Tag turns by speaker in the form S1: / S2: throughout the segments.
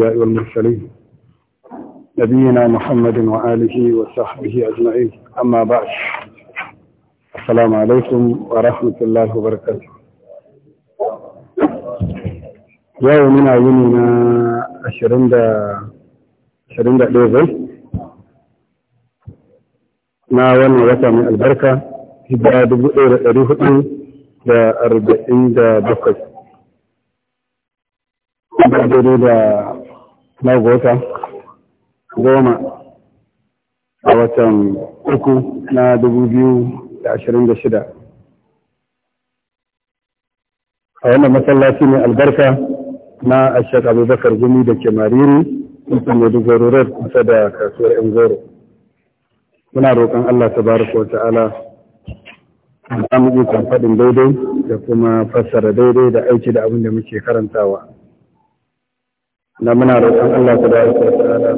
S1: والمرسلين نبينا محمد وآله وصحبه
S2: أجمعين أما بعد
S1: السلام عليكم ورحمة الله وبركاته يومنا يومنا أشرين دا أشرين دا ليزل na wannan wata mai albarka hijira dubu ɗaya da ɗari hudu da arba'in da bakwai da daidai da na goma a watan uku na dubu biyu da ashirin da shida a wannan masallaci ne albarka na ashek abubakar gumi da ke mariri mutum da duk kusa da kasuwar yan goro muna roƙon allah tabaraka wa ta'ala za mu faɗin daidai da kuma fassara daidai da aiki da abin da muke karantawa. Na muna roƙon Allah ku da aiki ta'ala.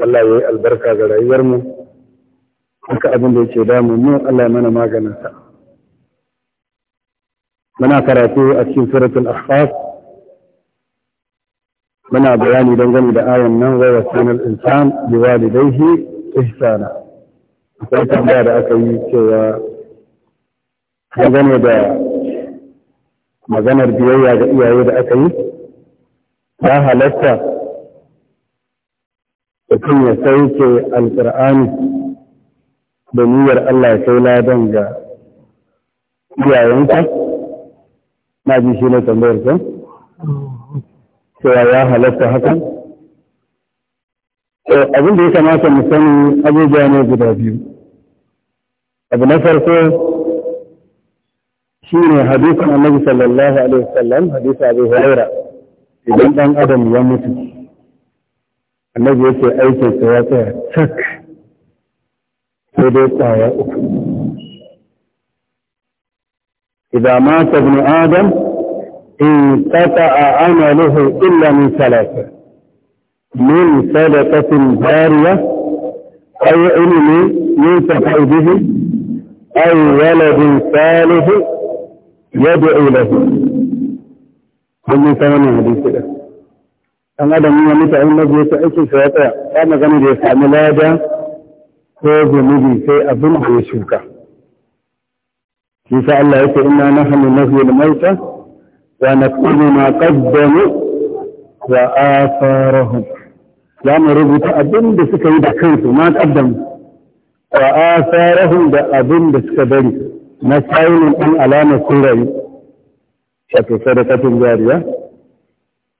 S1: Allah ya yi albarka ga rayuwarmu, haka abin da yake damu mu Allah mana maganinsa. Muna karatu a cikin suratul Ahqaf muna bayani dangane da ayan nan wa wasanil insan biwalidaihi ihsana. akwai tambaya da aka yi cewa dangane da maganar biyayya ga iyaye da aka yi
S2: ya halatta
S1: mutum ya sauke alƙur'ani da niyyar Allah ya kai ladan ga iyayenka na ji shi ne tambayar kan cewa ya halatta hakan abin da ya kamata mu sani abubuwa ne guda biyu abu na farko shi ne hadisan annabi sallallahu alaihi wasallam hadisa abu huraira idan dan adam ya mutu annabi yake aikin sa ya tsaya cak sai dai tsaya uku idza mata ibnu adam in qata'a amaluhu illa min salatin من سلطة جارية أو علم ينتفع به أو ولد صالح يدعو له من ثمان حديث له أن هذا من يمتع النبي نحن نهي الموتى ونكون ما قدموا وآثارهم za mu rubuta abin da suka yi da kansu ma kaddam wa asarahum da abin da suka bari na sayinin ɗan alamar sun rayu wato sadakatun jariya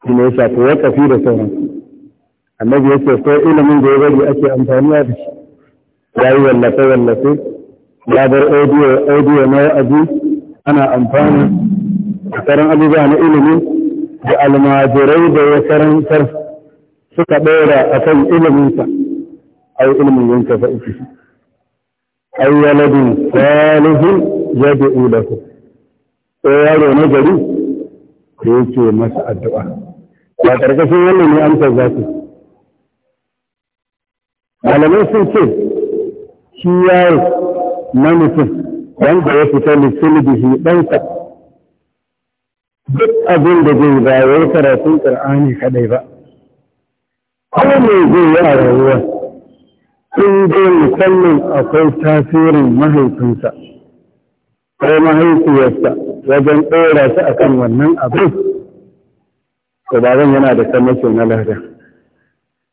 S1: shi ne ya shafi wakafi da sauran annabi ya ce ko ilimin da ya bari ake amfani da shi ya yi wallafe wallafe ya bar audio audio na wa'azi ana amfani da karan abubuwa na ilimi da almajirai da ya karantar suka ɗora a kan iliminsa ai ilimin yanka fa iki ai waladin salihin ya da ilahu ko yaro na gari ko yake masa addu'a ba ƙarƙashin wannan ne amsar za su malamai sun ce shi yaro na mutum wanda ya fita shi ɗansa duk abin da zai ba wai karatun ƙar'ani kaɗai ba kuma mai zai yi a rayuwa in dai musamman akwai tasirin mahaifinsa ko mahaifiyarsa wajen ɗora shi akan wannan abin to baban yana da samashin na lahada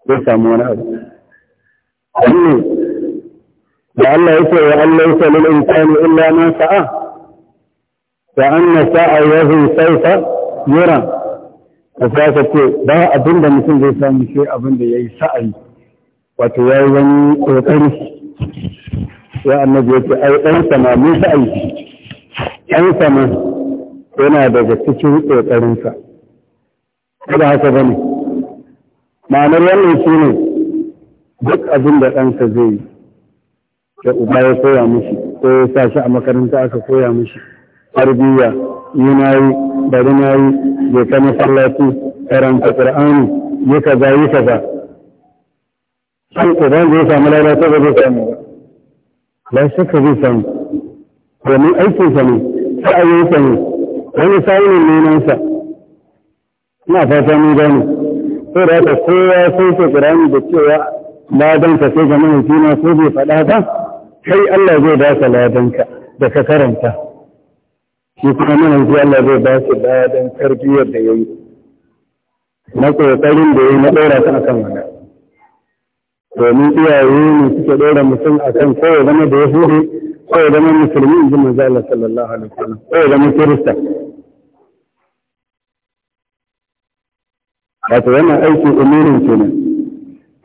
S1: zai samu wani abu wannan da Allah ya ce wa Allah ya salil insani illa ma sa'a wa anna sa'a ya yahu sauka yura da sa ka ce ba abin da mutum zai samu sai abin da ya yi sa'ayi wato ya yi wani ƙoƙari ya annabi ya ce ai ɗan sama mun sa'ayi ɗan sama yana daga cikin ƙoƙarinsa kada haka ba ne ma'anar wannan shi ne duk abin da ɗansa zai yi da uba ya koya mishi ko ya sa shi a makaranta aka koya mishi tarbiyya yi na yi bari na yi bai kama masallaci karanta qur'ani yi kaza yi kaza sai idan zai samu lalata ba zai samu ba shi ka zai samu domin aikin sa ne yi sa ne wani sa'ayin neman sa ina fata ni gane sai da haka kowa sai ce qur'ani da cewa ladan ka sai ga mai jina ko bai faɗa ba kai Allah zai ba ka ladanka da ka karanta shi kuma nan yanzu Allah zai ba shi ladan tarbiyyar da ya yi na ƙoƙarin da ya yi na ɗora ta akan wani. domin iyaye ne suke ɗora mutum akan ko ya zama da ya hure ko ya zama musulmi in ji manzo Allah sallallahu alaihi wasallam ko ya zama kirista wato wannan aiki umurin kenan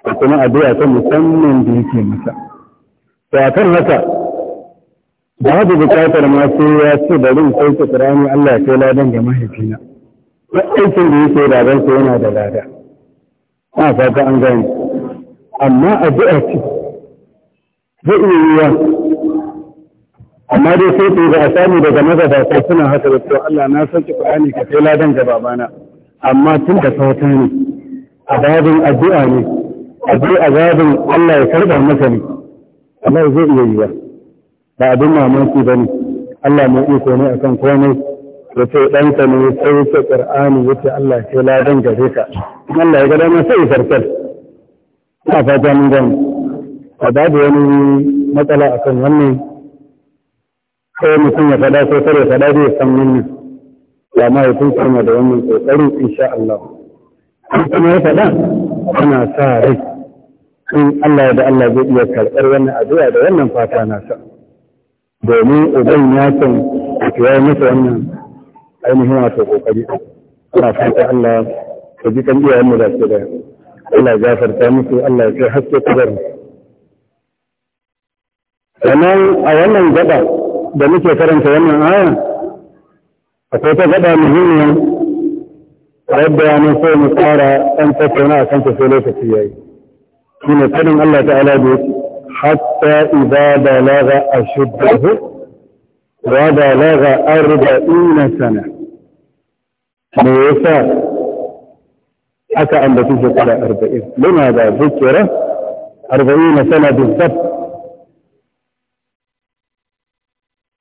S1: da kuma addu'a ta musamman da yake masa to akan haka haka bukatar ma sai ya ce bari in sauke Qur'ani Allah ya kai ladan da mahaifina duk aikin da yake da ransa yana da lada a fata an gani. amma a addu'a ce zai iya wa amma dai sai ku ba a samu daga magabata suna haka da cewa Allah na sauke Qur'ani ka kai ladan ga babana amma tun da sauta ne a babin addu'a ne a babin Allah ya karɓa masa ne Allah zai iya wa ba abin mamaki ba ne Allah mai iko ne akan komai ya ce ɗanka ne ya sauke ƙar'ani ya ce Allah ce ladan gare ka Allah ya gada masu isarkar ta fata mun gani a babu wani matsala akan wannan sai mutum ya faɗa ko kare faɗa zai san wannan ya ma ya kuma da wannan ƙoƙarin insha Allah kuma ya faɗa ana sa rai in Allah da Allah zai iya karɓar wannan addu'a da wannan fata na sa. domin uban ya san ya yi masa wannan ainihin wato kokari ana fata Allah ka ji kan iyayen da su da Allah ya gafarta musu Allah ya kai haske kabar sannan a wannan gaba da muke karanta wannan aya akwai ta gaba muhimmiya wadda mun so mu tsara an tattauna a kan ta sai lokaci yayi shine sanin Allah ta'ala da yake حتى إذا بلغ أشده وبلغ أربعين سنة موسى أتى أن تجد على أربعين لماذا ذكر أربعين سنة بالضبط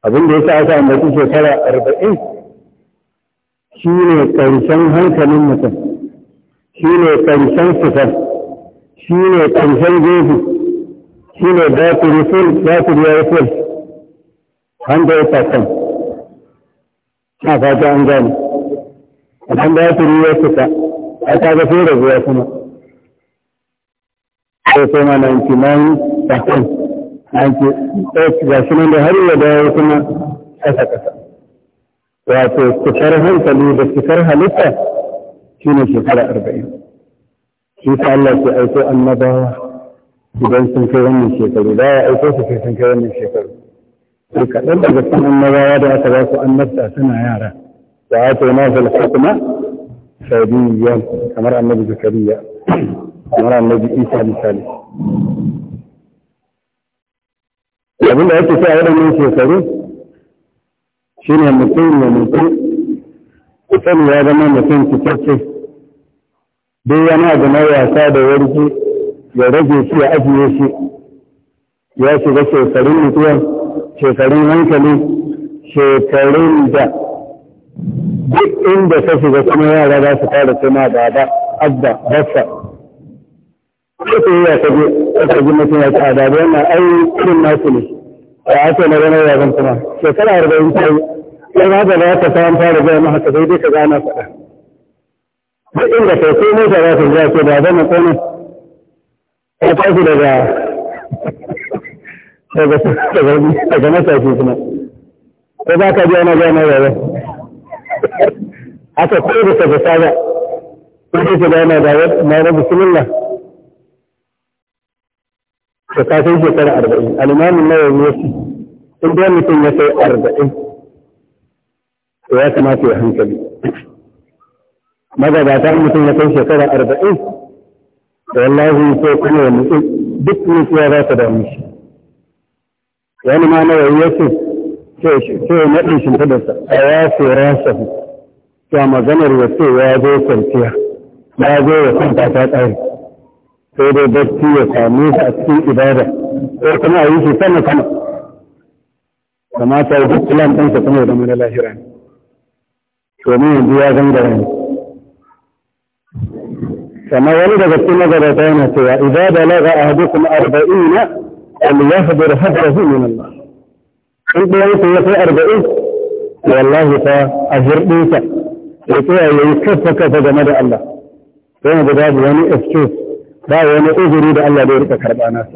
S1: أظن ليس أتى أن تجد على أربعين شيني كنسان هنك من شيني كنسان سفر شيني كنسان جيبي shi ne zakiri sul zakiri ya yi sul wanda ya sakan a fata an gani idan zakiri ya fita a kaga sai rabuwa kuma sai sai ma 99 sakan 98 ga shi nan da har yă dawo kuma ƙasa ƙasa wato cikar hankali da cikar halitta shi ne shekara arba'in shi ta Allah ke aiko annabawa idan sun kai wannan shekaru da ya aiko su sai sun kai wannan shekaru sai kaɗan daga cikin annabawa da aka ba su annabta suna yara da ya ce na zalfatuma shariyan kamar annabi zakariya kamar annabi isa misali abin da yake sa a waɗannan shekaru shine mutum ne mutum kusan ya zama mutum cikakke duk yana zama wasa da warki ya rage shi ya ajiye shi ya shiga shekarun mutuwa shekarun hankali shekarun da duk inda ta shiga kuma yara za su fara suna baba abba bassa ko ya kaje aka ji mutum ya ta da wannan ai irin nasu ne a aka na ranar yaran kuma shekara arba'in ta yi yan haka za ka samu fara zai ma haka sai dai ka gana faɗa duk inda kai sai mota za ta zuwa ce da zama tsanin ya tashi daga daga daga matashi kuma
S3: ko ba ka biya na gane rayuwa
S1: haka ko da ta fasa ba ko da ta gane da na rabu bismillah da ta kai shekara arba'in alimamin na yanzu yake in da mutum ya kai arba'in to ya kamata ya hankali magabata mutum ya kai shekara arba'in wallahi sai kuma ya mutu duk mutuwa za ta damu shi wani ma na wayi yake sai ya naɗin sa. a ya tsira sa ta maganar ya ce ya zo kwanciya ya zo ya kwanta ta tsari sai dai barci ya samu shi a cikin ibada ko kuma a yi shi sama sama kamata ya duk plan ɗinsa kuma da zama na lahira ne domin yanzu ya zangara ne كما ورد في نظر بين سوى إذا بلغ أحدكم أربعين فليهدر هدره من الله أنت أنت يقول أربعين والله فأهر بيك لكي يكفك فجمد الله كما بذلك يعني افتوس لا يعني أجري بأن الله بيرك كربانا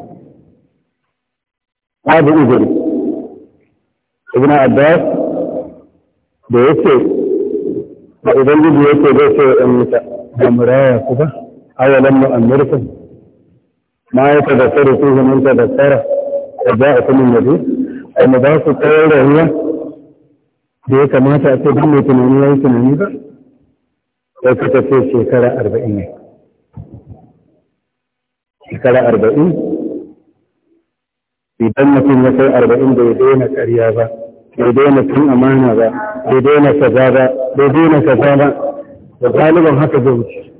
S1: هذا أجري ابن عباس بيكي وإذن بيكي بيكي أمتا da muraya ku ba awalan mu'ammirkum ma ya tadassaru ku mun tadassara da ja'akum nabi amma ba ku tsayar rayuwa da ya kamata a ce duk mai tunani yayi tunani ba sai ka tafi shekara arba'in ne shekara arba'in idan mutum ya kai arba'in bai daina ƙarya ba bai daina cin amana ba bai daina kaza ba bai daina kaza ba da galiban haka zai wuce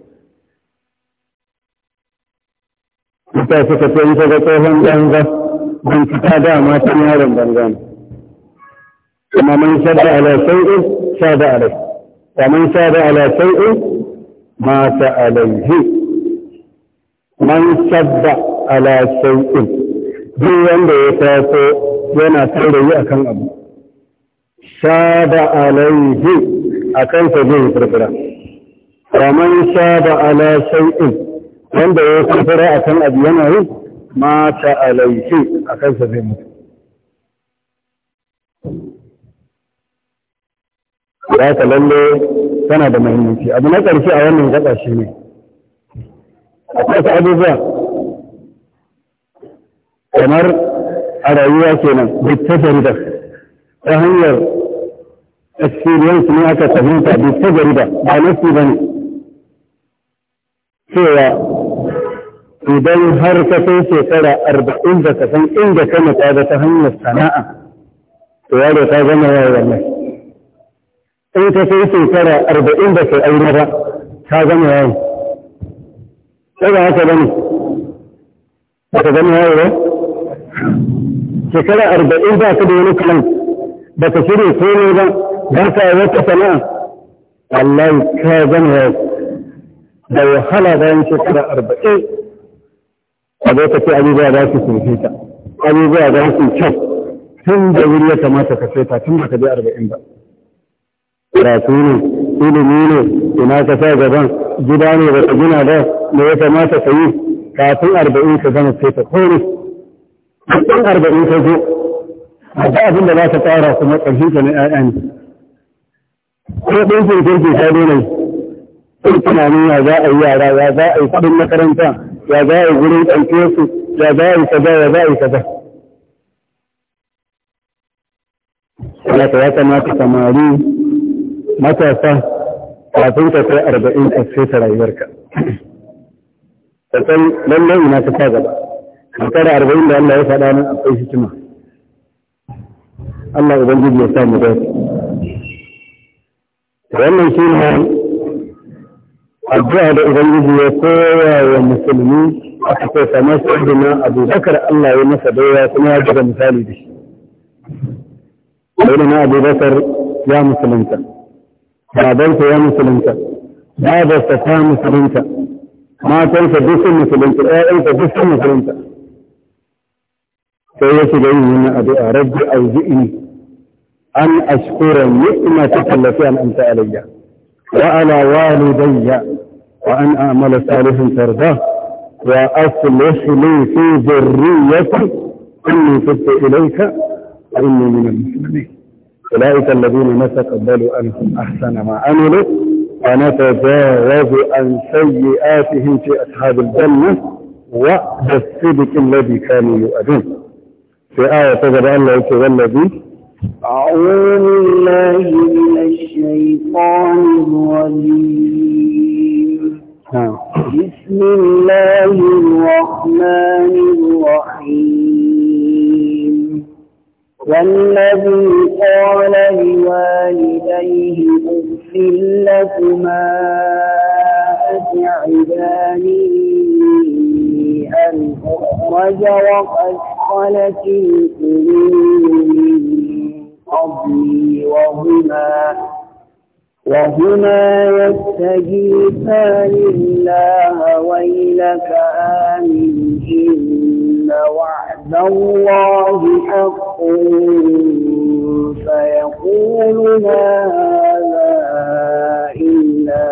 S1: mutane suka ce in ga tsohon ganga ban fita dama matan yaron bangan kuma man da ala man shada alai ala شاب ma شيء alaihi. Man من da ala شيء duk wanda ya taso yana yi a kan abu da alaihi a sa zai firfira. ومن شاب على شيء wanda ya kafara a kan abu yana mata alaihi a kansa zai Za ka lalle tana da mahimmanci. Abu na ƙarshe a wannan kamar a rayuwa kenan bitta da ta hanyar experience ne aka fahimta bitta jarida ba nasi ba ne. cewa idan har ka kai shekara arba'in da ka san inda ka mata da ta hanyar sana'a to yaro ta zama yawa wannan in ka kai shekara arba'in da ka aure ba ta zama yawa daga haka bane ba ka zama yawa ba shekara arba'in ba ka da wani kalan ba ka shirya komai ba ba ka wata sana'a wallahi ka zama yawa دو حلا دان شكرا أربعين أبوك في أبي بابا في سنفيتا أبي بابا في شف ثم دورية ما تكفيتا ثم تبي أربعين با راتوني إلي ميني إنا كفا زبان جداني رأجنا با نوك ما تكفيه كاتم أربعين كفان السيطة خوني كاتم أربعين كفو أبا أبن الله تتعرى سمع تنهيك من آيان كيف يمكن تنهيك هذه sun tunanin ya za a yi yara ya za a yi kudin makaranta ya za a yi gurin ɗauke su ya za a yi kaza ya za a yi kaza Allah ta ya kamata samari matasa kafin ka kai arba'in ka seta rayuwarka ka san lallai ina ka sa gaba shekara arba'in da Allah ya faɗa nan akwai hikima Allah ubangiji ya sa mu dace wannan shi ne الجهل الجهد الغيب يكوى والمسلمين أحكوا فما سعدنا أبو بكر الله ونصده وكما يجب مثالي به قولنا أبو بكر يا مسلمك ما بلت يا مسلمك ماذا ستفى مسلمك ما تنسى بس مسلمك لا أنت بس مسلمك فيش جاي هنا أبو أرجع أو جئني أن أشكر نعمتك التي أنعمت عليّ وعلى والدي وأن أعمل صالحا ترضاه وأصلح لي في ذريتي إني تبت إليك وإني من المسلمين أولئك الذين ما تقبلوا أنهم أحسن ما عملوا ونتجاوز عن سيئاتهم في أصحاب الجنة وعد الصدق الذي كانوا يؤدون في آية تجد الله والذي
S2: أعوذ بالله من الشيطان الرجيم نعم. بسم الله الرحمن الرحيم والذي قال لوالديه أغفر لكما أتعباني أن أخرج وقد خلت القلوب قبلي وهما وهما يستجيبان الله ويلك آمن إن وعد الله حق فيقول ما هذا إلا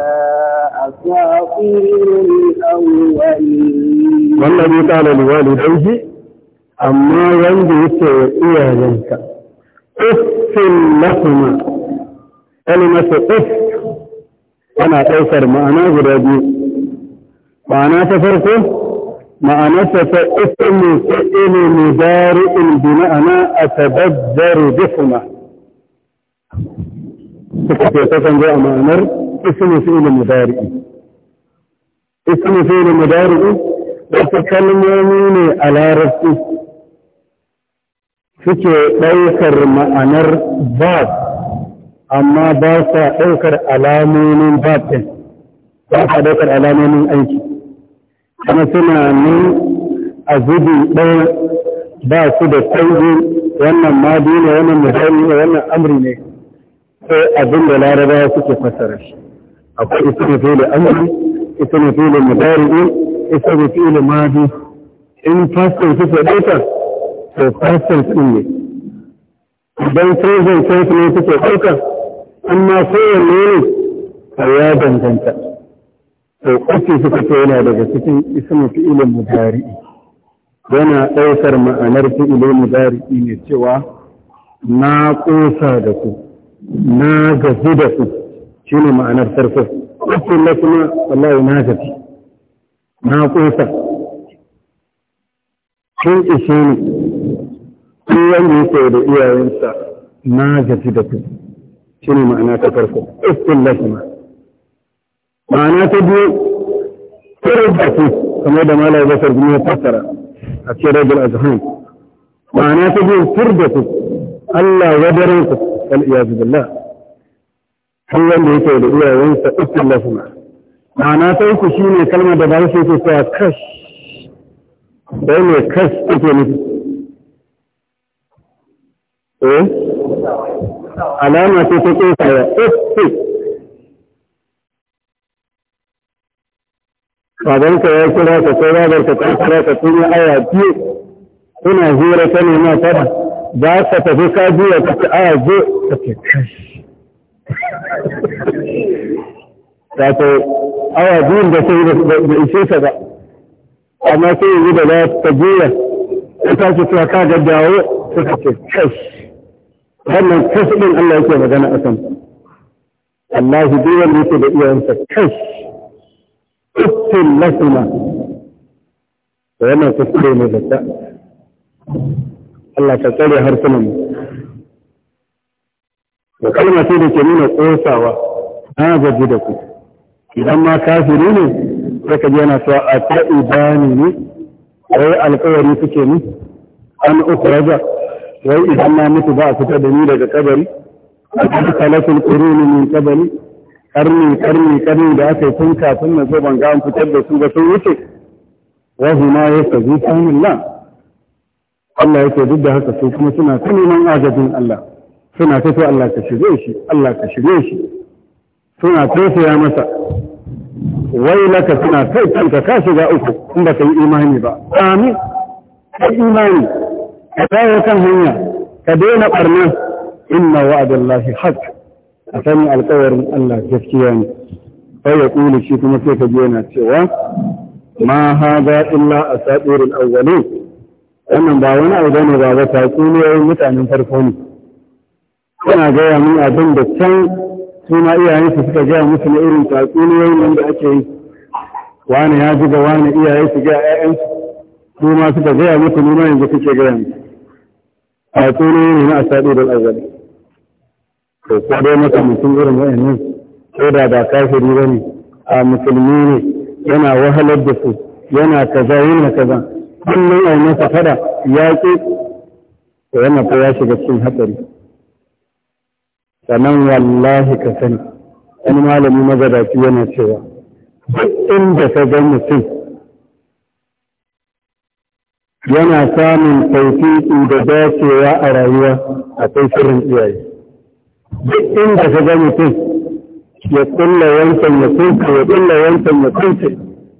S2: أساطير الأولين والذي قال لوالديه
S1: أما ينجو ذلك
S3: uffin
S1: lahuma kalmatu uff ana ɗaukar ma'ana guda biyu ma'ana ta farko ma'anarsa ta uffin mutsa'ini mudari'in bi ma'ana a tababbaru bihuma suka ta kan zo a ma'anar ismu fi'il mudari'i wasu kalmomi ne a suke ɗaukar ma'anar bab amma ba sa ɗaukar alamomin bab ɗin ba sa ɗaukar alamomin aiki kuma suna ne a zubi ɗaya ba su da sauri wannan madi ne wannan mutane ne wannan amri ne sai abin da larabawa suke fassara shi akwai ne fi amri ismi isa ne fi da madi in fassara su sai ɗaukar to fasfin ɗin ne idan sojan kansu ne suke ɗauka amma sojan ne ne a ya danganta to ƙwace suka ce yana daga cikin ismin fi'ilin mudari'i yana ɗaukar ma'anar fi'ilin mudari'i ne cewa na ƙosa da ku na gazu da ku shine ma'anar farko ƙwace na kuma wallahi na gaji na ƙosa sun ishe ni in wanda yake da iyayensa na gaji da ku shi ne ma'ana ta farko iskin lashima ma'ana ta biyu kiran da ku kamar da malar basar gini ya fassara a cikin rajul azhan ma'ana ta biyu tur da ku Allah ya daren ku wal iyazu billah sun wanda yake da iyayensa iskin lashima ma'ana ta uku shine kalmar da ba su yake cewa kash sai ne kas ake nufi eh alama ce ta ƙesa ya ƙesa eh, babanka ya kira ka sai babarka ta kira ka sun yi aya biyu kuna hira ta nema tara ba ka tafi ka biya ka ci aya biyu ka ce kashi wato
S2: awa biyu da sai da ishe
S1: ka ba amma sai yanzu da za ta juya ta tashi cewa ka ga dawo suka ce kash wannan kash din Allah yake magana a kan Allah duk wanda yake da iyayensa kash uffin lakuma da wannan kuskure ne da ta Allah ka tsare harsunan mu da kalma sai da ke nuna tsosawa na gaji da ku idan ma kafiri ne zaka ji yana cewa a ta'ibani ne wai alƙawari suke ni an ukhraja wai idan na mutu ba a fita da ni daga kabari a kan salatul quruni min kabari karni karni karni da aka yi tun kafin na zo banga an fitar da su ba sun wuce wa huma yastazifun nan? Allah yake duk da haka su kuma suna ta neman agajin Allah suna ta so Allah ka shige shi Allah ka shige shi suna tausaya masa wai laka suna kai kanka ka shiga uku in ba ka yi imani ba amin Ka imani ka dawo kan hanya ka daina barna inna wa'adallahi haq a sani alƙawarin Allah gaskiya ne sai ya kula shi kuma sai ka je yana cewa ma hada illa sairin awwalin wannan ba wani abu bane ba ba ta kuniyoyin mutanen farko ne kana gaya mun abin da can suna iyayensu suka gaya musu na irin tatsuniyoyin wanda da ake yi wani ya ji ga wani iyaye su gaya ƴaƴansu su ma suka gaya musu nuna yanzu kuke gaya musu tatsuniyoyi ne na asaɗi da azali to ko dai masa mutum irin wa'annan ko da ba kafiri ba ne a musulmi ne yana wahalar da su yana kaza yana kaza kullum a yi masa fada ya ƙi to yana ko ya shiga cikin hatsari sannan wallahi ka sani wani malami mazadaki yana cewa inda ka ga mutum yana samun tautiki da dacewa a rayuwa kai sirrin iyaye duk inda ka ga mutum ya kulla yankan ya kunka ya kulla yankan ya kunka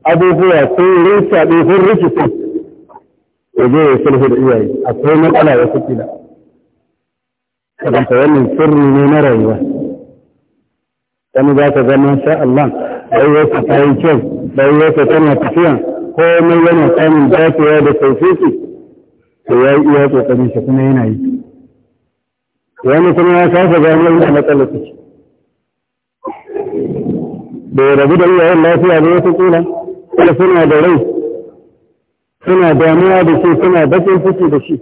S1: abubuwa sun rinsa ɗin sun rikice ya zo ya sulhu da iyaye akwai matsala ya kila. sabanta wannan sirri ne na rayuwa wani za ka zama sha Allah rayuwarsa ta yi kyau rayuwarsa tana tafiya komai yana samun dacewa da tausisi to ya yi iya kokarin shi kuma yana yi wani kuma ya kasa gano inda matsalar take bai rabu da iyayen lafiya da wasu kula kuma suna da rai suna damuwa da shi suna bakin ciki da shi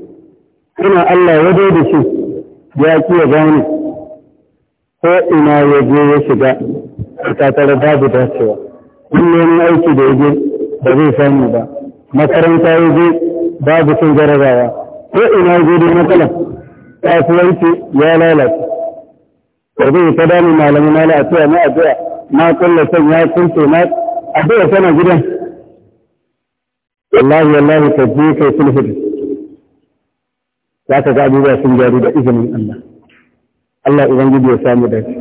S1: suna Allah wajen da shi ya ki ya ko ina ya je ya shiga A tare babu dacewa kullum aiki da yaje ba zai samu ba makaranta ya je babu cin jarabawa ko ina ya je da matsala kasuwanci ya lalata ba zai ta dami malamu na a cewa na addu'a na kulla son ya kunce na addu'a sana gidan wallahi wallahi ka je kai sulhu za ka ga abubuwa sun gyaru da izinin Allah Allah ubangiji ya samu da shi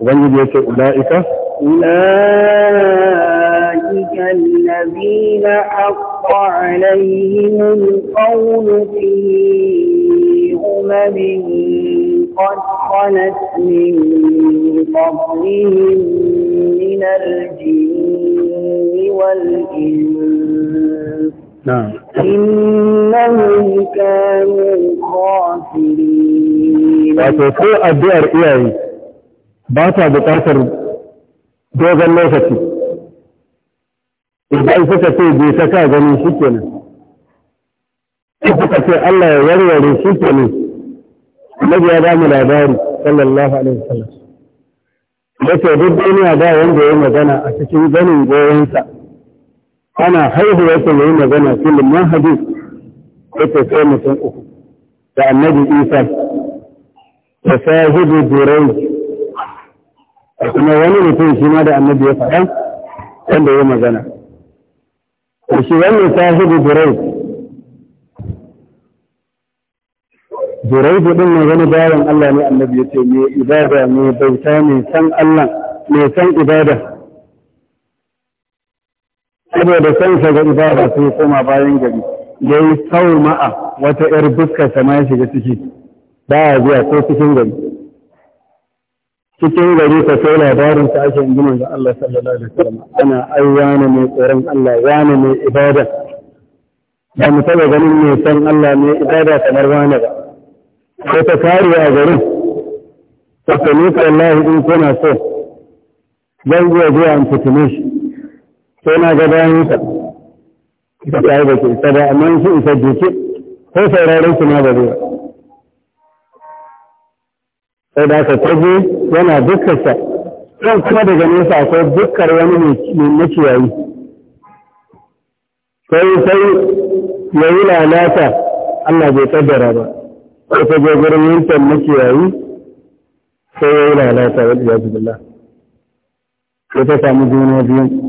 S1: ubangiji ya ce ulaika
S2: ulaika allazina haqqa alaihim alqawlu fi umamin qad khalat min qablihim min al-jinni wal-insi نعم إنهم كانوا خاسرين
S1: وتقول الدعاء إياه باتا بقاطر دوغا لوكتي idan suka ce bai ta ka gani shi kenan suka ce Allah ya warware shi kenan Annabi ya ba mu labari sallallahu alaihi wasallam yace duk duniya ba wanda ya magana a cikin ganin goyensa أنا حيث يتمعين بنا كل ما حديث يتسامة أخرى لأن نبي إيسا تساهد دريج أثناء ولم تنشي ماذا أن نبي يفعل عند يوم زنا وشي ولم تساهد دريج دريج إن زنا دارا الله نعم نبي يتمي إبادة مي بيتاني سن الله مي سن إبادة saboda san sa ga ibada sai koma bayan gari da yi sau ma'a wata ‘yar buskar sama ya shiga ciki ba ya zuwa ko cikin gari cikin gari ka sai labarin ta ake gina da Allah sallallahu alaihi wasallam ana ai wani mai tsoron Allah wani mai ibada ba mu taɓa ganin mai san Allah mai ibada kamar wani ba ko ta kariya a garin ta kanu Allah in kuna so zan iya zuwa in fitine shi sai na ga bayansa ita ta yi ke ta ba amma shi isa jiki ko sauraron su ma ba zai sai da aka taje yana sa kan kuma daga nesa akwai dukkan wani mai makiyayi sai sai ya yi lalata Allah bai kaddara ba sai ta je gurin yankin makiyayi sai ya yi lalata wadda ya zubi sai ta samu juna biyu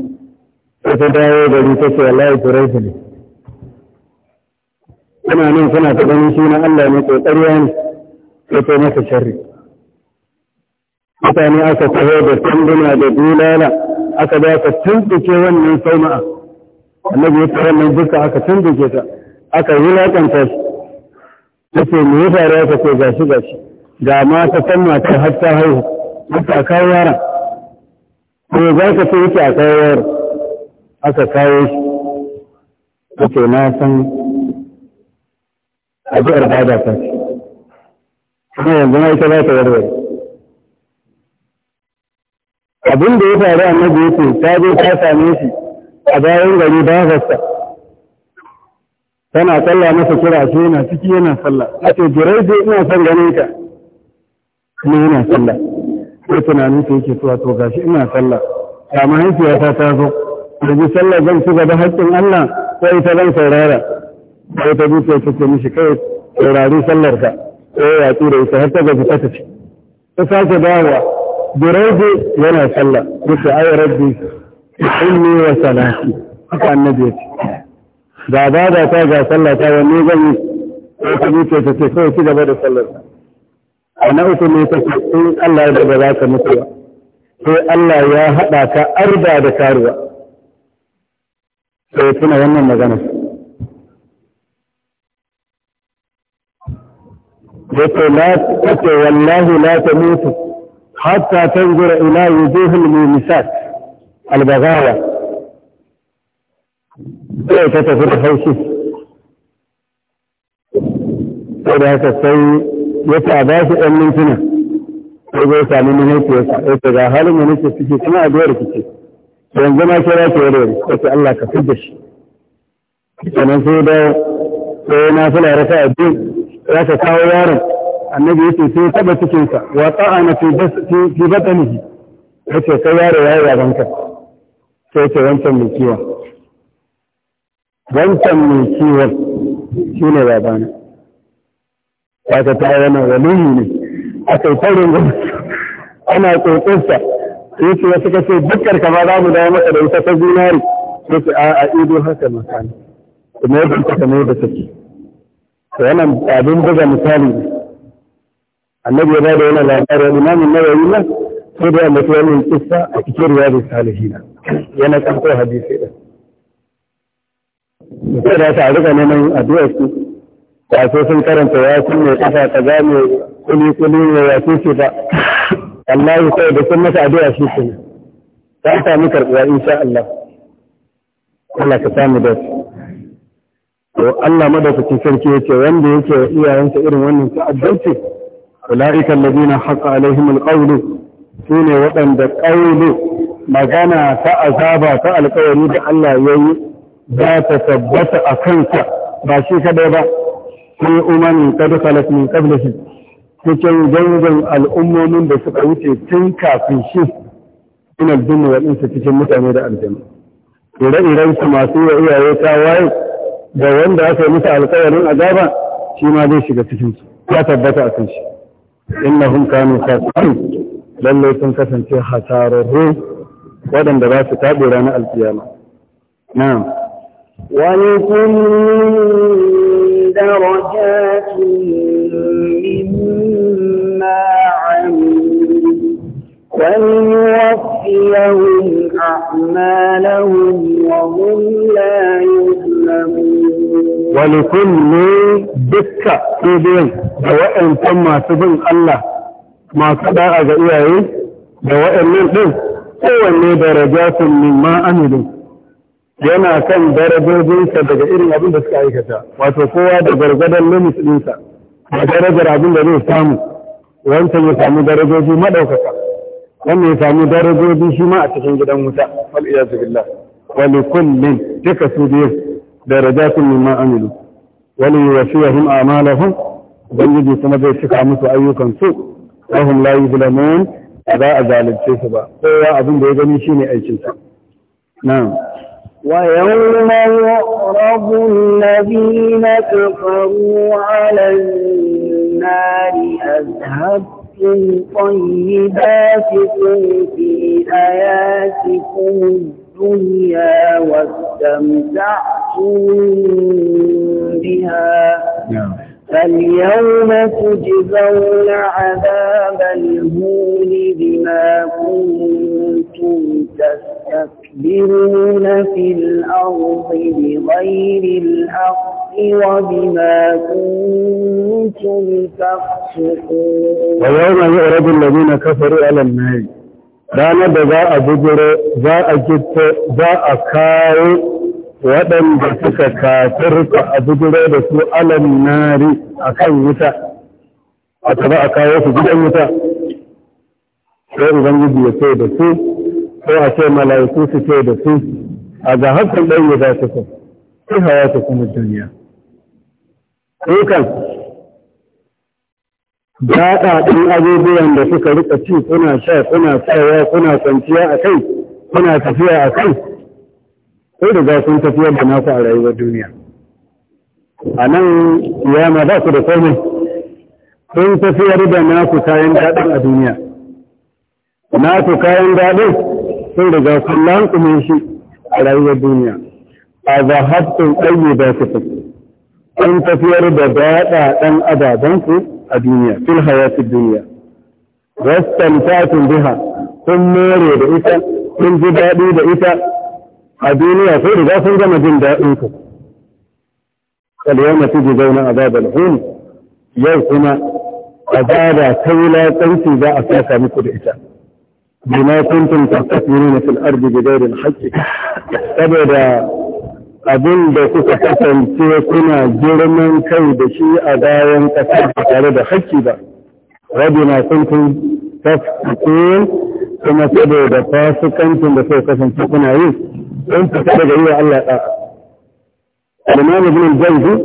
S1: sai ta dawo gari ta ce wallahi su ne ana nan suna ta ganin suna Allah ne ko ƙarya ne ya ce masa sharri mutane aka taho da sanduna da bulala aka da aka tuntuke wannan sauma'a annabi ya tsara nan duka aka tuntuke ta aka yi wulakanta shi ta ce me ya faru aka ce gashi gashi ga mata san mata har ta haihu a kawo yaran ko za ka ce wuce a kawo yaran aka kawo shi ake na san
S3: addu'ar bada ta
S1: ce kuma yanzu na ita za ta warware abin da ya faru a ya ce ta zo ta same shi a bayan gari zasta tana tsalla masa kira su yana ciki yana tsalla, a ce jirai je ina son ganin ka kuma yana tsalla. sai tunanin su yake suwa to gashi ina tsalla ta haifiyata ta zo yanzu sallah zan ci gaba haƙƙin Allah ko ita zan saurara ko ita dukiya ta ce mishi kai saurari sallar ka ko ya tura ita har ta gaji ta tafi ta sake dawowa duraije yana sallah duka ay rabbi inni wa salati haka annabi ya ce ga baba ta ga sallah ta wani zan yi ko ta dukiya ta ce kawai ci gaba da sallar ka a na uku ne ta ce in Allah ya daga za ka mutuwa sai Allah ya haɗa ka arda da karuwa sai tuna wannan magana yace la tace wallahi la tamutu hatta tanzura ila wujuhil mumisat albagawa sai ta tafi da haushi sai da haka sai ya ta ba shi ɗan mintuna sai zai sami mahaifiyarsa ya ce ga halin da nake ciki kuma a biyar kice yanzu ma kira ke da ya Allah ka fidda shi sannan sai da sai na fula raka a ya ka kawo yaron annabi ya ce sai taba cikinsa wa ta'ana fi batanihi ya ce kai yaro ya yi yaron ka sai ce wancan mai kiwon wancan mai kiwon shi ne babana ya ka ta yana walihi ne a kai taurin gwamnati ana tsotsinsa yake ce wasu kace dukkan ka ba za mu dawo masa da wuta ta zinari sai ce a a ido haka misali kuma yadda ta kamar da take to yana abin buga misali annabi ya bada wannan labarin imamin nawawi nan sai da tuwa wannan kissa a cikin riyadu salihin yana kanto hadisi din sai da ta rika neman addu'a su ba sai sun karanta ya sun ne kafa kaza ne kuli kuli ne ya ce ba wallahi sai da sun masa addu'a shi kenan ta samu karbuwa insha Allah Allah ka samu da to Allah madaukakin sarki yace wanda yake wa iyayensa irin wannan ta'addanci ulaika alladhina haqa alaihim alqawl sune waɗanda qawlu magana ta azaba ta alƙawari da Allah yayi za ta tabbata a kansa ba shi kadai ba sai umarni ta dukkan min qablihi cikin gangan al'ummomin da suka wuce tun kafin shi Ina aljinni wal cikin mutane da aljanu ire-iren su masu yi iyaye waye. da wanda aka yi musu alƙawarin azaba shi ma zai shiga cikin su ya tabbata a kan shi innahum kanu khasirin lalle sun kasance hasararru waɗanda za su taɓe ranar alkiyama na'am
S2: wani kun darajatun ما عملوا وليوفيهم أعمالهم وهم لا يظلمون
S1: ولكل دكة إبن وإن تم سبن الله ما صدع إياه وإن من دين kowanne darajatun mimma amilin yana kan darajojinsa daga irin abin da suka aikata wato kowa da gargadon limit ɗinsa a darajar abin da zai samu wancan ya sami darajoji madaukaka wanda ya sami darajoji shi ma a cikin gidan wuta wal iyazu billah wa li kullin duka su darajatun mimma amilu wa li yuwaffiyahum a'malahum ubangiji kuma zai cika musu ayyukan su lahum la yuzlamun ba a zalunce su ba kowa abin da ya gani shine aikin sa na'am
S2: ويوم يعرض الذين كفروا على النار أذهبتم طيباتكم في حياتكم الدنيا واستمتعتم بها نعم.
S1: فاليوم
S2: تجزون عذاب الهون بما كنتم تستكبرون في الأرض بغير الحق وبما كنتم تفسقون ويوم يعرض الذين كفروا على
S1: النار ranar da za a bujiro za a gitto za a kawo waɗanda suka kafirta a bujiro da su alam nari a kan wuta a a kawo su gidan wuta sai ubangiji ya ce da su sai a ce mala'iku su ce da su a ga hakan ɗan ya za su hawa ta kuma duniya dukan daɗaɗin abubuwan da suka rika ci kuna sha kuna tsayawa kuna kwanciya a kai kuna tafiya a kai sai da za sun tafiya da naku a rayuwar duniya a nan yama ba ku da komai sun tafiyar da naku kayan daɗin a duniya naku kayan daɗin sun riga sun lankumin shi a rayuwar duniya a zahabtun ɗanye da su tafi an tafiyar da daɗaɗen ababanku a duniya fil hayatid duniya wastantatun biha kun more da ita kun ji daɗi da ita a duniya sai riga sun gama jin daɗin ku kalyama tuji zauna azab al-hun yau kuma azaba ta wulaƙanci za a saka muku da ita bima kuntum tastafiruna fil ardi bi ghairi al-haqqi saboda abin da kuka kasance kuna girman kai da shi a bayan ƙasa ba tare da haƙƙi ba na sun kun tafiye kuma saboda fasikancin da suka kasance kuna yi sun fita daga yi wa Allah ɗa. Imam bin Jauzi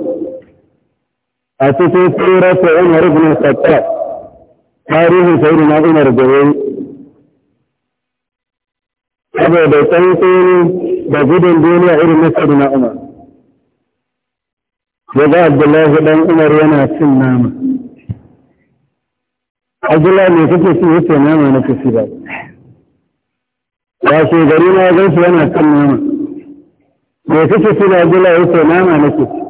S1: a cikin sura ta Umar ibn tarihin sayyidina na'inar da yi. saboda tsantsoni da gudun duniya irin na na umar ya ga abdullahi dan umar yana cin nama abdullahi ne kake ci yace nama na kashi ba ba ke gari na gan shi yana cin nama me kake ci da abdullahi yace nama na kashi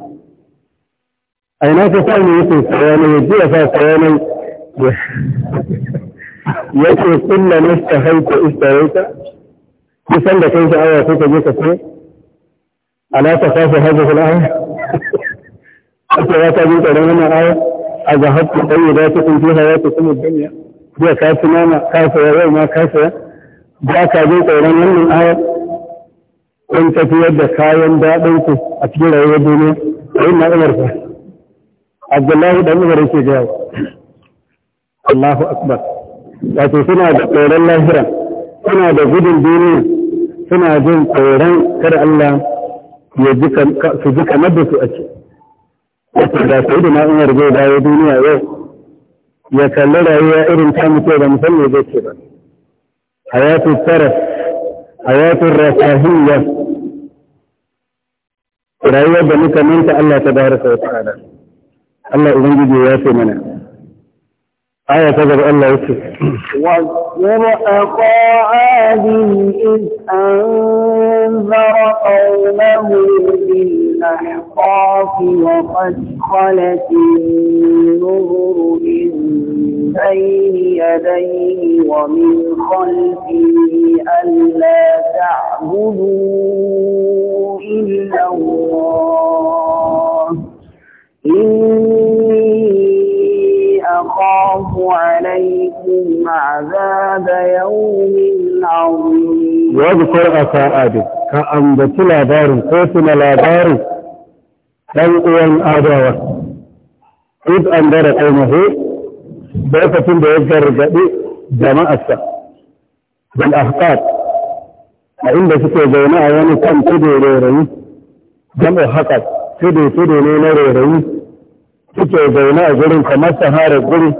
S1: a ina ka samu yace sayanai ya biya sa sayanai yace kulla nasta haita istawaita يسأل لك أي آية في تجيك فيه ألا تخاف هذه الآية أنت لا تجيك لنا آية أذهبت أي ذاتكم في حياتكم الدنيا يا كافي ما ما كافي يا ما كافي جاء كاجيك لنا من آية أنت في يد كاين دابنك أتجيل أي الدنيا أين أمرك عبد الله بن مبارك جاي الله أكبر لا تسمع قول الله هنا سمع ده قول الدنيا suna jin tsoron kar Allah su ji kamar da su ake wata da sai da na'urar zai dawo duniya yau ya kalli rayuwa irin ta mutu da musamman zai ce ba hayatu taraf hayatu rasahiyya rayuwar da muka manta Allah ta baraka wa ta'ala Allah ubangiji ya ce mana آية تجب أن لا واذكر
S2: أخا عاد إذ أنذر قومه بالأحقاف وقد خلت النذر من بين يديه ومن خلفه ألا تعبدوا إلا الله أخاف عليكم عذاب يوم عظيم واذكر أخا
S1: آدم كأن كأنبت لابار قوتنا لابار تنقوى الآداوة إذ أنذر قومه بعثة بيذكر جدي جماعة بالأحقاد عند سكي جماعة يعني كان تدو ريري جمع حقد تدو تدو ريري suke zaune a gurin kamar sahara gurin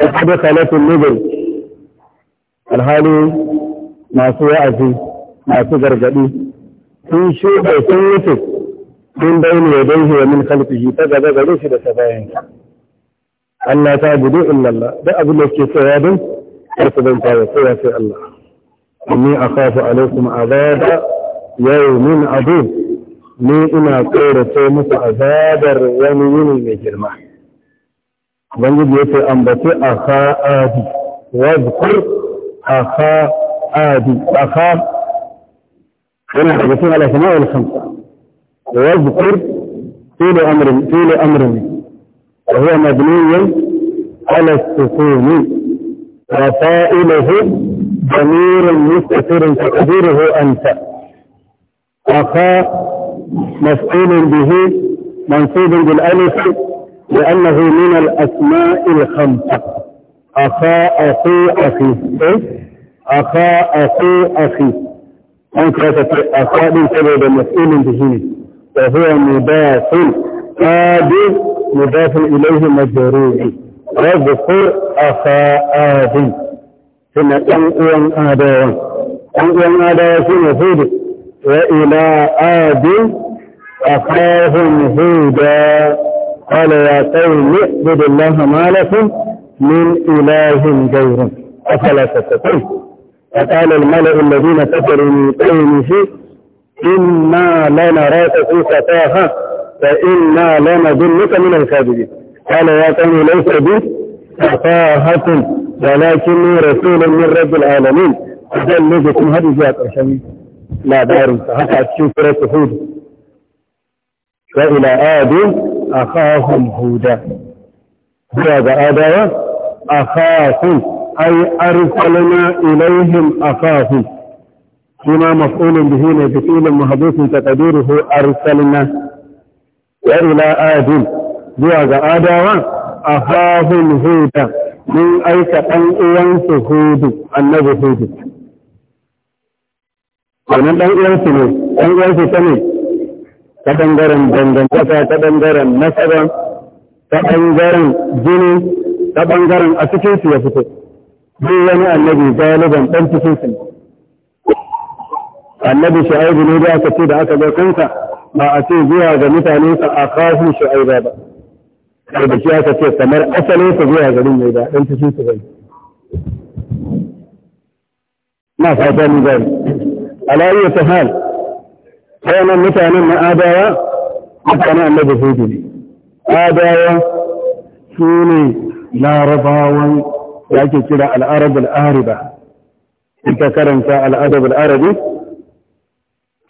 S1: da kada salatun nubur alhali masu wa'azi masu gargaɗi sun shuɗe sun mutu sun bayani ya dai wa min kalfihi ta gaba gare shi da ta bayan Allah ta budu illallah da abin da ke tsaya din har su ban tawa tsaya sai Allah inni akhafu alaikum azaba yawmin adud ni ina tsorace musu azabar wani yini mai girma ubangiji ya ce ambaci akha adi wazkur akha adi akha yana daga cikin alasama wal khamsa wazkur tuli amrin tuli amrin wa huwa mabniyun ala as-sukun wa fa'iluhu ضمير مستتر تقديره انت اخا مفعول به منصوب بالالف لانه من الاسماء الخمسه اخا اخو اخي اخا اخو اخي ان كانت اخا من مفعول به وهو مضاف آد مضاف اليه مجرور واذكر اخا آد ثم ان ان اداوان ان ان اداوان في مفعول وإلى آد أخاهم هودا قال يا قوم اعبدوا الله ما لكم من إله غيره أفلا تتقون فقال الملأ الذين كفروا من قومه إنا لنراك في سفاهة فإنا لنظنك من الكاذبين قال يا قوم ليس بي سفاهة ولكني رسول من رب العالمين أبلغكم هذه جاءت أشمي ta haka a cikin suratu hud wa ila adu akhahum huda zuwa ga adawa akhahum ay arsalna ilaihim akhahum kuma maf'ulun bihi ne bi fi'lin mahdhufin taqdiruhu arsalna wa ila adu zuwa ga adawa akhahum huda mun aika dan su hudu annabi hudu wannan ɗan uwansu ne dan uwansu ta ne ta ɓangaren dangantaka ta ɓangaren nasara ta ɓangaren jini ta ɓangaren a su ya fito duk wani annabi galiban ɗan cikin su annabi shu'aibu ne da aka ce da aka kanka ba a ce zuwa ga mutane sa a kafin shu'aiba
S2: ba shi aka ce kamar asalin sa
S1: zuwa garin da ba ɗan su bai na fata ni gari على أي تهال كان مثلا من آبايا حتنا الذي في دني آبايا سوني لا رضاوي يجي كلا العرب الآربة انت كرم كا الأدب العربي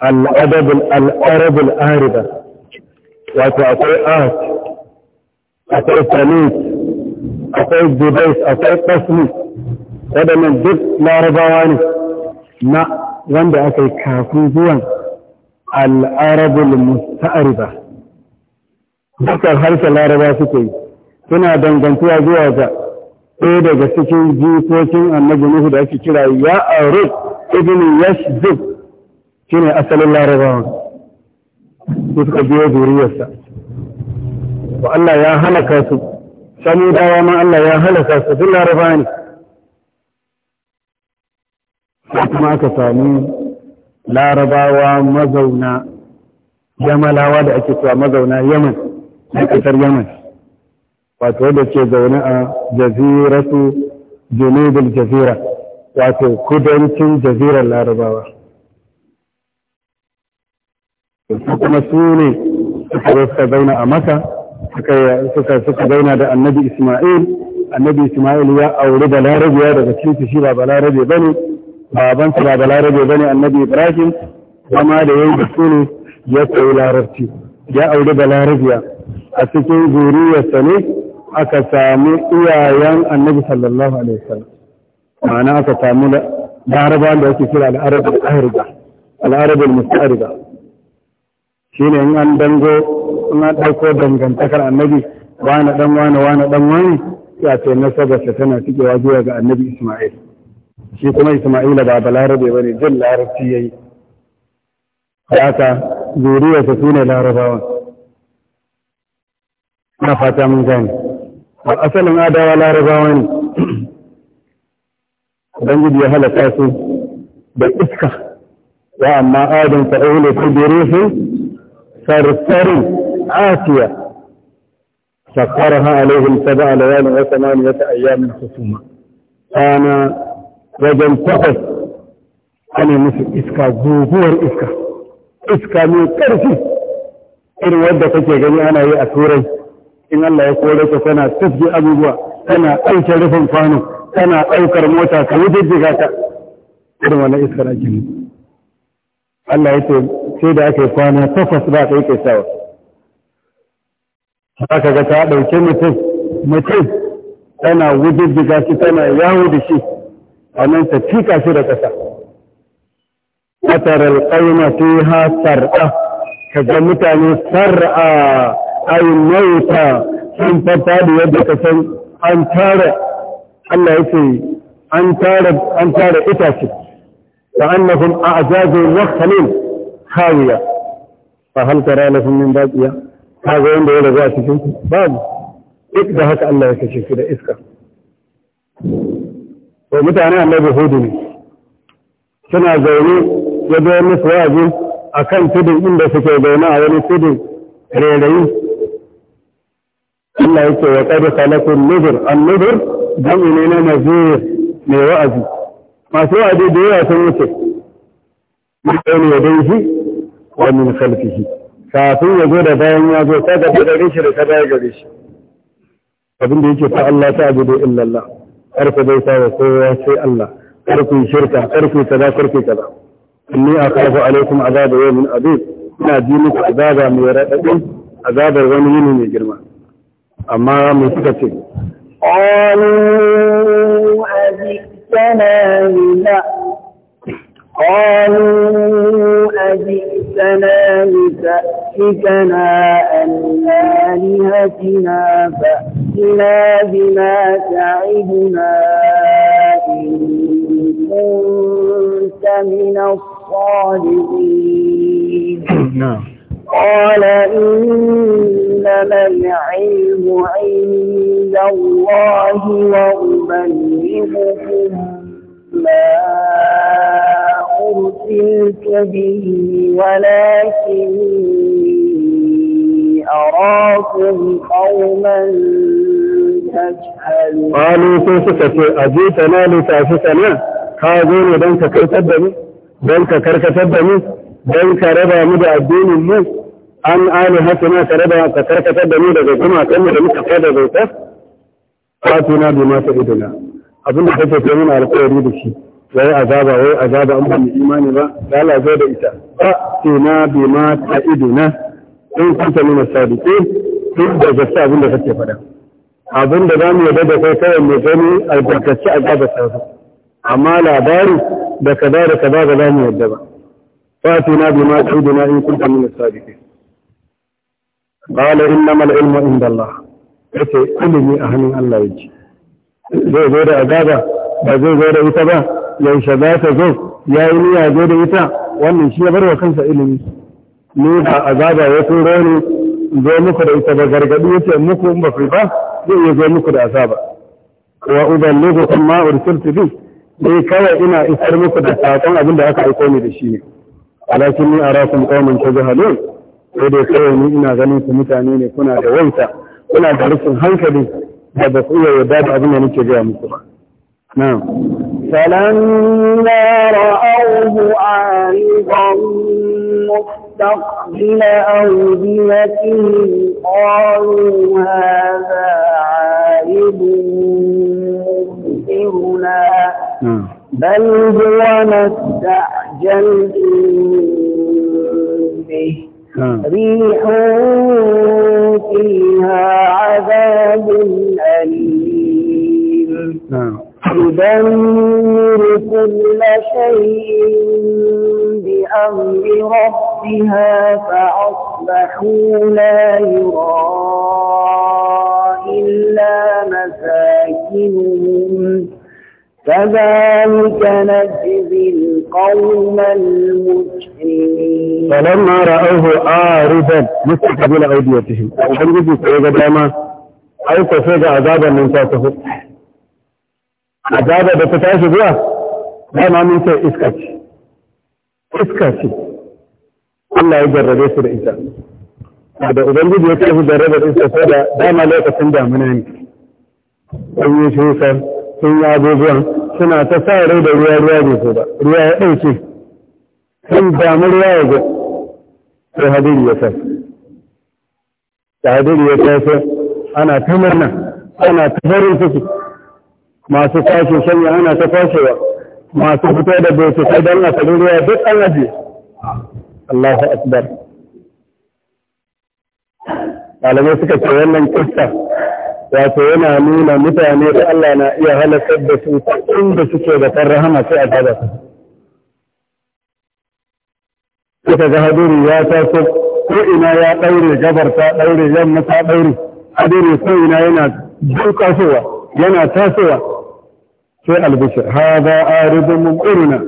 S1: الأدب الأرب الآربة وتعطي آت أعطي التميت أعطي الدبيس أعطي التصميت هذا من جد لا رضاواني ما wanda aka yi kafin zuwan al'arabul musta'ariba dukkan harshen laraba suke yi suna dangantuwa zuwa ga ɗaya daga cikin jikokin annabi nuhu da ake kira ya arub ibn yashdub shine asalin larabawa su suka biyo zuriyarsa Wa Allah ya halaka su dawa ma Allah ya halaka su duk Laraba ne ko kuma aka sami larabawa mazauna yamalawa da ake cewa mazauna yaman na ƙasar yaman wato wadda ke zaune a jaziratu junubul jazira wato kudancin jazirar larabawa kuma su ne suka suka zauna a maka suka suka zauna da annabi isma'il annabi isma'il ya auri da larabiya daga cikin shi ba balarabe bane babansa ba da larabe ba ne annabi ibrahim kuma da yau da su ya sayi larabci ya auri da larabiya a cikin zuriyarsa ne aka sami iyayen annabi sallallahu alaihi wasallam ma'ana aka samu laraba da yake kira al'arab al'arba al'arab al mustariga shine in an dango in an dauko dangantakar annabi wani dan wani wani dan wani ya ce nasabarsa tana cikewa zuwa ga annabi isma'il shi kuma Isma'ila da balarabe bane jin larabci yayi haka zuriya ta sune larabawa na fata mun gani asalin adawa larabawa ne dan ubangiji ya halaka su da iska wa amma adam ta aule su da ruhu sarsarin asiya سخرها عليهم سبع ليال وثمانية أيام خصوما كان wajen takwas ana musu iska guguwar iska iska mai ƙarfi irin wadda kake gani ana yi a turai in Allah ya kore ka tana tafi abubuwa tana aikin rufin kwano tana ɗaukar mota ka yi jijjiga ta irin wani iska na musu Allah ya ce sai da aka yi kwana takwas ba ka yi kai sawa haka ga ta ɗauke mutum mutum tana wujijjiga shi tana yawo da shi a nan ta cika shi da ƙasa ƙatar alƙauna fi ha sar'a ka ga mutane sar'a ayin mawuta sun farfadi yadda ka san an tara Allah ya ce an tara an tara itace fa annahum a'zazu rakhlin khawiya fa hal tara lahum min baqiya kaga wanda ya rabu a cikin babu duk da haka Allah ya kace shi da iska ko mutane annabi hudu ne suna zaune ya zo musu wa'azi a kan tudun inda suke zaune a wani tudun rairayi Allah yake wa qad khalaqakum nuzur an-nuzur jam'i ne na nazir mai wa'azi masu wa'azi da yawa sun wuce mun ya da shi wa min khalfihi kafin ya zo da bayan ya zo ta gaba gare shi da ta baya gari shi abin da yake ta Allah ta abudu illallah ارك بيتا وقوة في الله اركي شركة اركي كذا اركي كذا اني اخاف عليكم عذاب يوم عظيم انا دينك عذاب اميرا عذاب الغنيين من الجرمى اما مسكتي
S2: قالوا اجئتنا لنا قالوا أجئتنا لتأفكنا أن آلهتنا فأتنا وأتنا بما تعدنا إن كنت من الصالحين نعم. قال إنما العلم عند الله وأبلغكم ما أرسلت به ولكني أراكم قوما تجهلون قالوا سوسك
S1: أجيتنا لتعفتنا كاظون دنك كرتبني دنك كركتبني دنك ربا مدى الدين الموت an alihatina ka raba ka karkatar da mu daga kuma kan da muka kai da zauta fatuna bi ma ta'iduna abinda kake ce muna alƙawari da shi wai azaba wai azaba an ba mu imani ba lalazo da ita fatuna bi ma ta'iduna in kanta nuna sadiqin in da gaske abin da kake faɗa abin da za mu yarda da kai kawai mu gani albarkaci a gaba sa amma labari da kaza da kaza ba zamu yarda ba ma bima na in kunta min sadiqin qala innamal ilmu inda Allah yace ilimi a hannun Allah yake zai zo da azaba ba zai zo da ita ba yaushe za ta zo Ya yi niyya zo da ita wannan shi ya bar wa kansa ilimi ni ba azaba ya turo ne zo muku da ita ba gargadi yace muku in ba ba zai iya zo muku da azaba wa uballighukum ma ursiltu bi dai kawai ina isar muku da sakon abin da aka aiko ni da shi ne alakin ni arakum qauman tajhalun sai dai kawai ni ina ganin su mutane ne kuna da wanta kuna da rufin hankali da ba ku iya yarda da abin da nake gaya muku ba نعم
S2: فلما رأوه عارضا مستقبل أوديته قالوا هذا عائد مبهرنا نعم. بل هو ما استعجلتم به نعم. ريح فيها عذاب أليم نعم. تدمر كل شيء بأمر ربها فأصبحوا لا يرى إلا مساكنهم كذلك نجزي القوم المجرمين فلما رأوه عارضا
S1: مستقبل أيديتهم الحمد لله سيدنا داما أو تفيد عذابا من فاته azaba da ta tashi zuwa dama mun ce iska ce iska ce Allah ya jarrabe su da ita da ubangiji ya tashi jarrabe iska sai da dama lokacin damuna ne an yi shuka sun yi abubuwan suna ta sa rai da ruwa ruwa bai so ba ruwa ya ɗauke sun damu ruwa ya ga sai hadiri ya tashi da hadiri ya tashi ana ta murna ana ta farin ciki masu sashe shanya ana ta fashewa masu fito da bai sai don na ruwa duk an aji Allahu akbar ɗalibai suka ce wannan kista wato yana nuna mutane da Allah na iya halakar da su ta inda suke da kan rahama sai a gaba su suka ga hadiri ya taso ko ina ya ɗaure gabar ta ɗaure yamma ta ɗaure hadiri ko ina yana dukasowa yana tasowa sai albishir haza aridun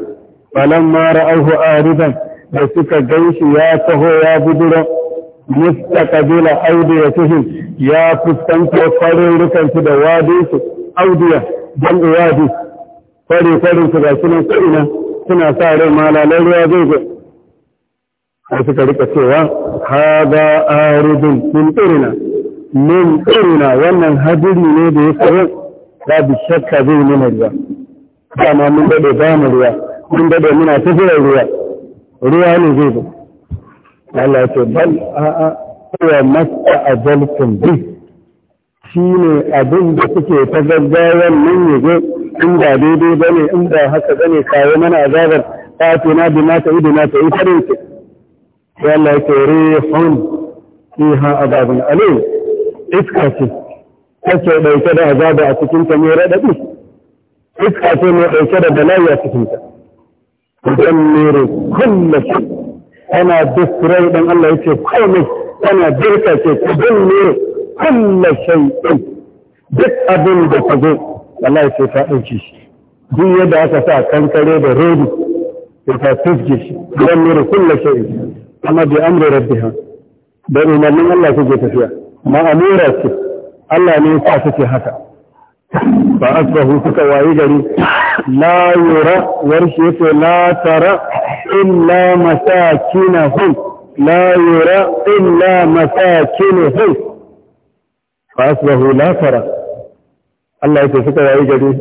S1: Balan mara ra'awhu aridan da suka ganshi ya taho ya Ƙabila mustaqbila awdiyatihim ya fuskanto farin su da wadin su awdiya dan wadi fari farin su ga sunan ina suna sa rai malalai ruwa zai ga sai suka rika cewa haza aridun mumqirna min kiruna wannan hadiri ne da ya sayo babu shakka zai nuna ruwa dama mun dade ba mu ruwa mun dade muna ta jira ruwa ruwa ne zai zo Allah ya ce bal a'a huwa masta ajalkum bi shi ne abin da kuke ta gaggawan nan ya zo in ba daidai ba ne in ba haka ba ne kawo mana azabar fatina bi ma ta idu na ta yi farin ki sai Allah ya ce rihun fiha azabun alim iska ce take ɗauke da azaba a cikin ta ne raɗaɗi iska ce mai ɗauke da bala'i a cikin ta idan mere kulla ce tana dukkan dan Allah ya ce komai tana dirka ce idan mere kulla shay'in duk abin da ka zo Allah ya ce ta ɗauke shi duk yadda aka sa kankare da rodi ya ta tufke shi idan mere kulla shay'in amma bi amri rabbiha da umarnin Allah kuke tafiya ma'amura ce Allah ne sa suke haka a tsohu suka waye gari la yura warshi yace la tara illa masakinahum la yura illa masakinahum fa asbahu la tara Allah yake suka waye gari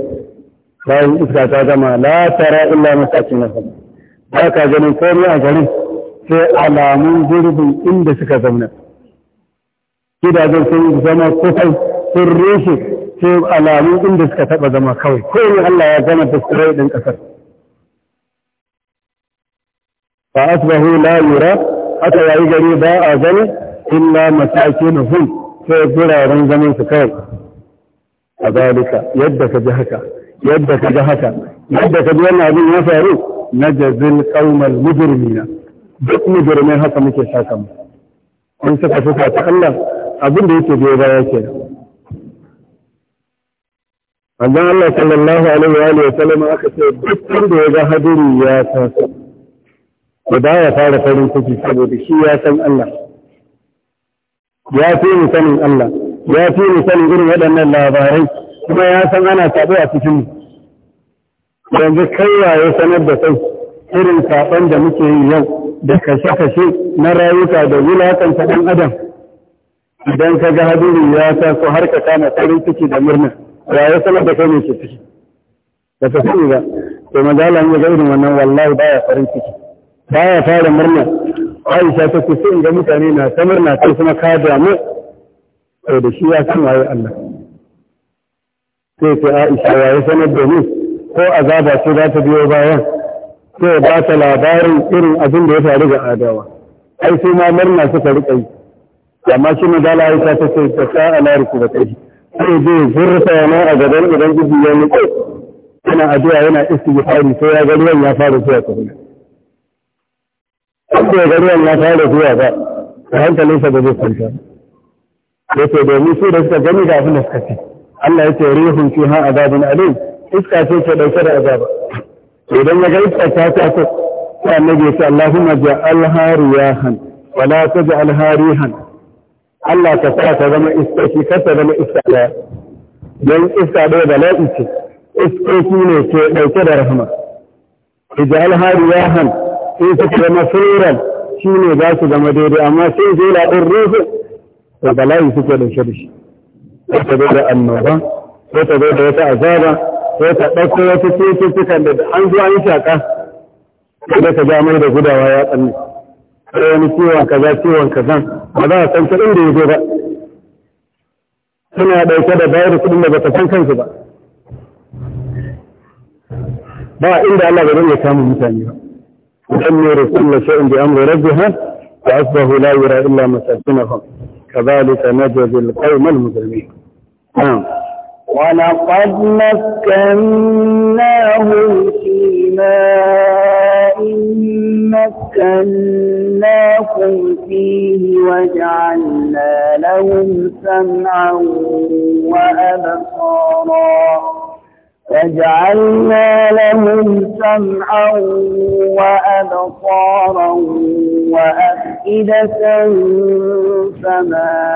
S1: bayan iska ta gama la tara illa hun ba ka ganin komai a garin sai alamun gurbin inda suka zauna gidajen sun zama kusan sun rushe sai alamu inda suka taɓa zama kawai kowai Allah ya gama da tsirai ɗin ƙasar fa asbahu la yura aka yayi gari ba a gani illa masakinuhum sai guraren zaman su kawai a zalika yadda ka ji haka yadda ka ji haka yadda ka ji wannan abin ya faru na jazil qaumal mujrimina duk mujrimai haka muke saka mu in suka fuka ta Allah abin da yake biyo baya ke Azan Allah sallallahu alaihi wa sallam aka ce duk da ya ga hadiri ya taso Ya da ya fara farin ciki saboda shi ya san Allah ya fi mu sanin Allah ya fi mu sanin irin waɗannan labarai kuma ya san ana sabo a cikin yanzu kai wa ya sanar da sai irin saɓon da muke yi yau da kashe-kashe na rayuka da wulakanta ɗan adam idan ka ga hadiri ya sa so har ka kama farin ciki da murna ya ya sanar da kai ne ke ciki da ta sani ba to magana ne ga irin wannan wallahi baya farin ciki baya fara murna Aisha ta ce sai ga mutane na ta murna sai kuma ka damu Sai da shi ya san waye Allah sai ce Aisha ya yi sanar da ni ko azaba ce za ta biyo bayan sai ba ta labarin irin abin da ya faru ga adawa ai sai ma murna suka rika yi amma shi magana ya ta ce ta sa ala rukubatai sai zai zurfa yana a gaban idan gudu ya nutse yana addu'a yana istighfari sai ya ga ruwan ya fara zuwa kuma wanda ya ga ruwan ya fara zuwa ba da hankalinsa ba zai kwanta da ke domin su da suka gani da abin da suka ce Allah ya ce rihun fi ha azabin alim iska ce ce dauke da azaba idan ya ga iska ta ta ko sai annabi ya ce Allahumma ja'alha riyahan wala taj'alha rihan Allah ta sa ta zama iska shi kar ta zama iska ɗaya don iska ɗaya da la'i ce iskoki ne ke ɗauke da rahama ijal hariyahan in suka zama furan shi ne za su zama daidai amma sai zai laɗin ruhu to bala'i suke ɗauke da shi ko ta zo da annoba ko ta zo da wata azaba ko ta ɗauko wata cututtukan da an zuwa yi shaƙa kada ka ja mai da gudawa ya tsanne sai wani ciwon kaza ciwon kazan ba za a san ta inda ya zo ba suna ɗauke da bayar kuɗin da ba ta san kansu ba ba inda Allah ba zai ya samu mutane ba ودمر كل شيء بأمر ربها فأصبحوا لا يرى إلا مساكنهم كذلك نجد القوم المجرمين نعم
S2: ولقد مكناهم فيما إن مكنا أخاكم فيه وجعلنا لهم سمعا وأبصارا وجعلنا لهم سمعا وأبصارا وأفئدة فما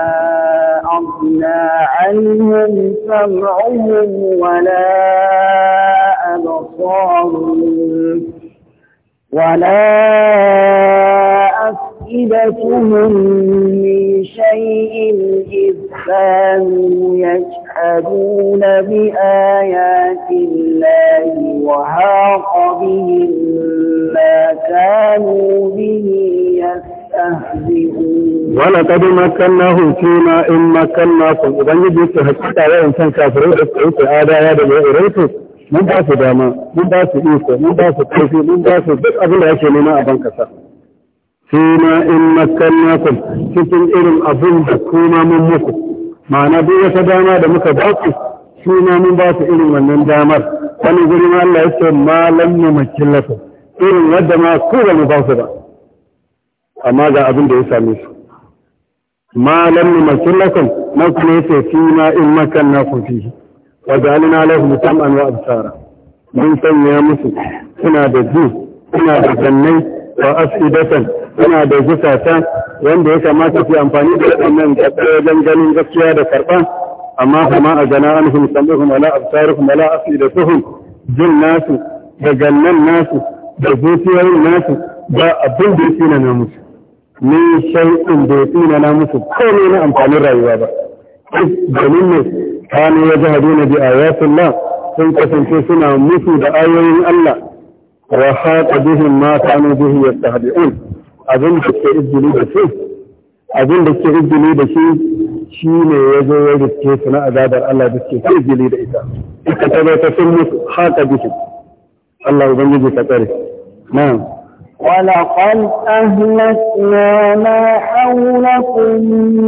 S2: أغنى عنهم سمعهم ولا أبصارهم ولا أفئدتهم من شيء إذ كانوا يجحدون بآيات الله وهاق بهم ما كانوا به يستهزئون. ولقد مكناهم
S1: فيما إن مكناكم إذا نجدت حقيقة وإنسان كافر يقول آداء هذا اللي غيرته من باس داما من باس إيسا من باس كيفي من باس بس أبو العشي لما أبنك فيما إن مكناكم cikin irin abin da kuma mun muku ma'ana duk wata dama da muka ba ku shi ma mun ba ku irin wannan damar wani guri ma Allah ya yake ma lam numakkinakum irin yadda ma ku ba mu ba su ba amma ga abin da ya same su ma lam numakkinakum na kuma yace fi ma in makannakum fihi wa ja'alna lahum sam'an wa absara mun sanya musu suna da ji suna da jannai wa afidatan yana da zukata wanda ya kamata su amfani da waɗannan wajen ganin gaskiya da karba amma kuma a gana an hum samuhum ala absaruhum ala afidatuhum jin nasu da gannan nasu da zuciyar nasu ba abin da yake na musu ni shay'in da yake na musu komai na amfanin rayuwa ba domin ne kanu ya jahadu na bi ayatullah sun kasance suna musu da ayoyin Allah وحاق بهم ما كانوا به يستهدئون abin da ke izini da shi abin da ke izini da shi ne ya zo ya riske na azabar Allah da ke izini da ita ta ta Allah
S2: ولقد أهلكنا ما حولكم من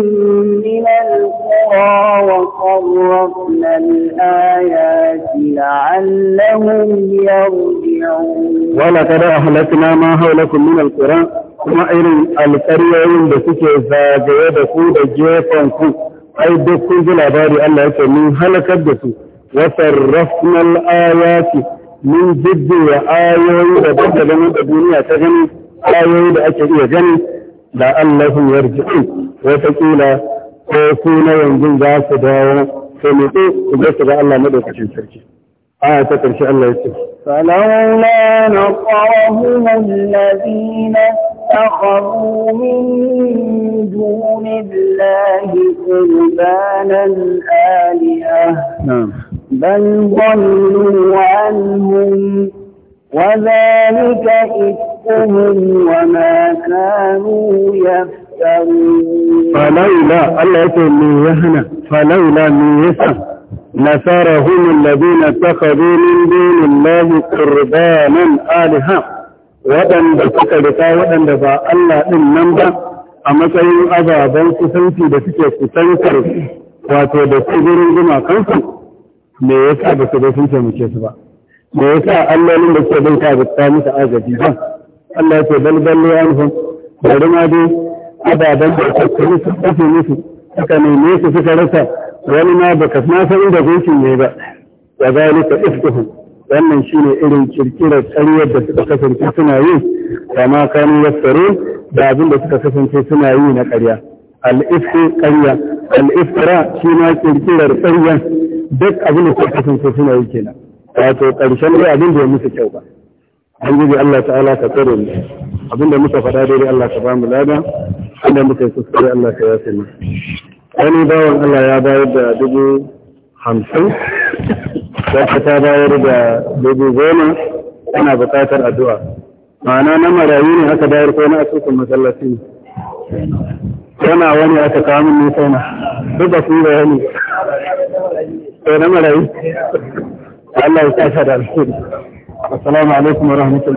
S2: القرى وصرفنا الآيات لعلهم يرجعون ولقد أهلكنا ما
S1: حولكم من القرى كما القرية القريعين بسيك فاقية دخول جيفانكم أي دخول جلاباري الله يكون من هلكت وصرفنا الآيات mun ya ayoyi da daban ganin duniya ta gani ayoyi da ake iya gani da Allahun yarji'un wataƙila ko ku na yanzu za su dawo sai mu ku ga su ga Allah madaukakin sarki aya ta karshe Allah ya ce
S2: فلولا نصرهم الذين اتخذوا من دون الله قربانا آلهة بل ضلوا عنهم وذلك إفكهم وما كانوا يفترون فلولا
S1: الله يقول من يهنا فلولا من يسا نصرهم الذين اتخذوا من دون الله قربانا آلهة waɗanda suka rika waɗanda ba Allah ɗin nan ba a matsayin ababen kusanci da suke kusantar wato da su gurin gumakansu me sa ba su ga sun taimake su ba me sa allolin da suke bin ka ba ta musu agaji ba Allah ya ce bal ya nufin bari ma dai ababen da ka kuri su kafe musu suka neme su suka rasa wani ma baka ma san inda gunkin ne ba wa ka ifkuhum wannan shi ne irin kirkirar ƙaryar da suka kasance suna yi kama kanu tsaro, da abin da suka kasance suna yi na karya. al'ifku ƙarya al'iftira shi ma ƙirƙirar ƙarya duk abin da kuka kasance suna yi kenan wato ƙarshen dai abin da ya musu kyau ba an gudu Allah ta'ala ka tsare mu abin da muka faɗa dai Allah ka bamu lada inda muka yi kuskure Allah ka yafe mu wani bawan Allah ya bayar da dubu hamsin wata ta bayar da dubu goma ana buƙatar addu'a ma'ana na marayu ne aka bayar ko na asusun masallaci ne yana wani aka kamun ne sana duk ba su yi bayani
S3: sai na marayi
S1: Allah ya sa da alheri assalamu alaikum wa rahmatullahi